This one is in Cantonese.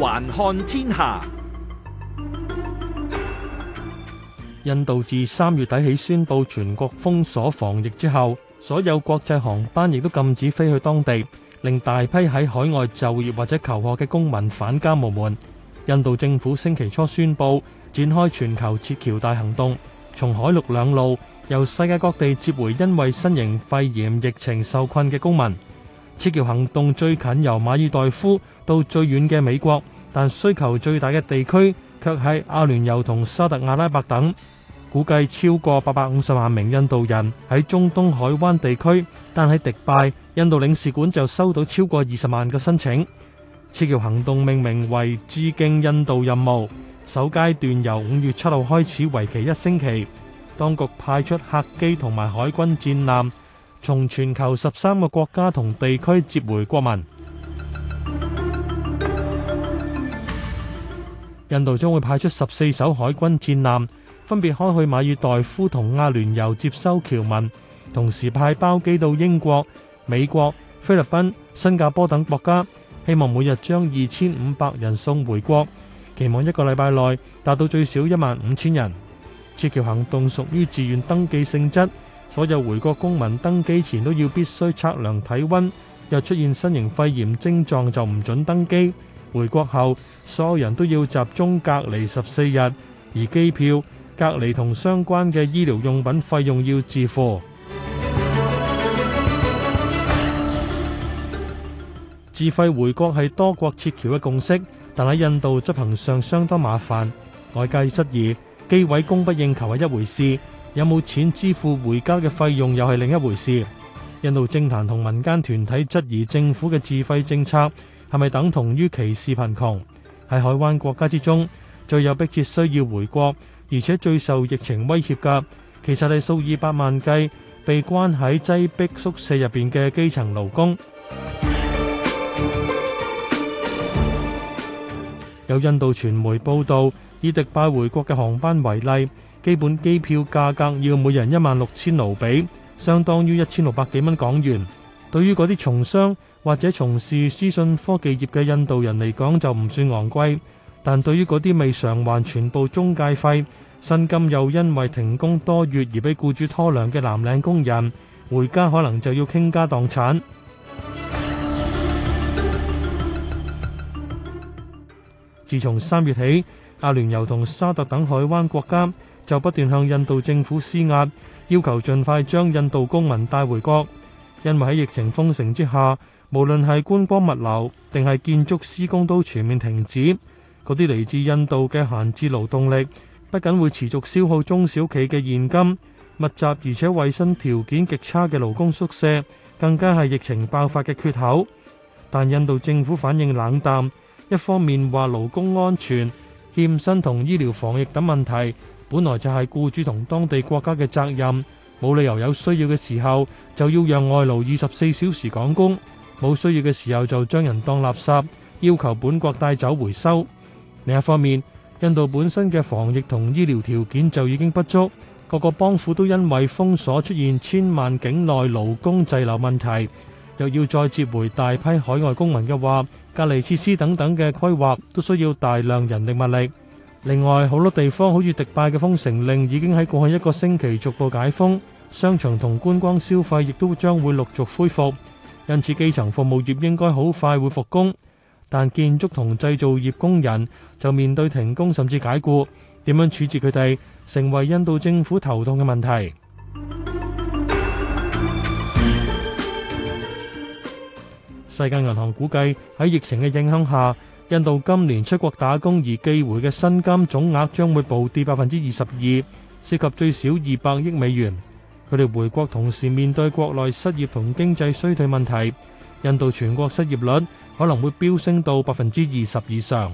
環看天下，印度自三月底起宣佈全國封鎖防疫之後，所有國際航班亦都禁止飛去當地，令大批喺海外就業或者求學嘅公民返家無門。印度政府星期初宣佈展開全球撤僑大行動，從海陸兩路由世界各地接回因為新型肺炎疫情受困嘅公民。撤僑行動最近由馬爾代夫到最遠嘅美國，但需求最大嘅地區卻係阿聯酋同沙特阿拉伯等，估計超過八百五十萬名印度人喺中東海灣地區，但喺迪拜印度領事館就收到超過二十萬嘅申請。撤僑行動命名為“致敬印度任務”，首階段由五月七號開始，為期一星期，當局派出客機同埋海軍戰艦。從全球十三個國家同地區接回國民，印度將會派出十四艘海軍戰艦，分別開去馬爾代夫同阿聯酋接收僑民，同時派包機到英國、美國、菲律賓、新加坡等國家，希望每日將二千五百人送回國，期望一個禮拜內達到最少一萬五千人。撤僑行動屬於自願登記性質。所有回國公民登機前都要必須測量體温，若出現新型肺炎症狀就唔准登機。回國後，所有人都要集中隔離十四日，而機票、隔離同相關嘅醫療用品費用要自付。自費回國係多國撤僑嘅共識，但喺印度執行上相當麻煩，外界質疑機位供不應求係一回事。有冇錢支付回家嘅費用，又係另一回事。印度政壇同民間團體質疑政府嘅自費政策係咪等同於歧視貧窮？喺海灣國家之中最有迫切需要回國，而且最受疫情威脅嘅，其實係數以百萬計被關喺擠迫宿舍入邊嘅基層勞工。有印度傳媒報道。以迪拜回國嘅航班為例，基本機票價格要每人一萬六千盧比，相當於一千六百幾蚊港元。對於嗰啲從商或者從事資訊科技業嘅印度人嚟講，就唔算昂貴。但對於嗰啲未償還全部中介費、薪金又因為停工多月而俾僱主拖糧嘅藍領工人，回家可能就要傾家蕩產。自從三月起，阿聯酋同沙特等海灣國家就不斷向印度政府施壓，要求盡快將印度公民帶回國。因為喺疫情封城之下，無論係觀光物流定係建築施工都全面停止。嗰啲嚟自印度嘅閒置勞動力，不僅會持續消耗中小企嘅現金，密集而且衛生條件極差嘅勞工宿舍，更加係疫情爆發嘅缺口。但印度政府反應冷淡，一方面話勞工安全。欠薪同醫療防疫等問題本來就係僱主同當地國家嘅責任，冇理由有需要嘅時候就要讓外勞二十四小時趕工，冇需要嘅時候就將人當垃圾，要求本國帶走回收。另一方面，印度本身嘅防疫同醫療條件就已經不足，各個邦府都因為封鎖出現千萬境內勞工滯留問題。又要再接回大批海外公民嘅話，隔離設施等等嘅規劃都需要大量人力物力。另外，好多地方好似迪拜嘅封城令已經喺過去一個星期逐步解封，商場同觀光消費亦都將會陸續恢復，因此基層服務業應該好快會復工。但建築同製造業工人就面對停工甚至解僱，點樣處置佢哋，成為印度政府頭痛嘅問題。世界銀行估計，喺疫情嘅影響下，印度今年出國打工而寄回嘅薪金總額將會暴跌百分之二十二，涉及最少二百億美元。佢哋回國同時面對國內失業同經濟衰退問題，印度全國失業率可能會飆升到百分之二十以上。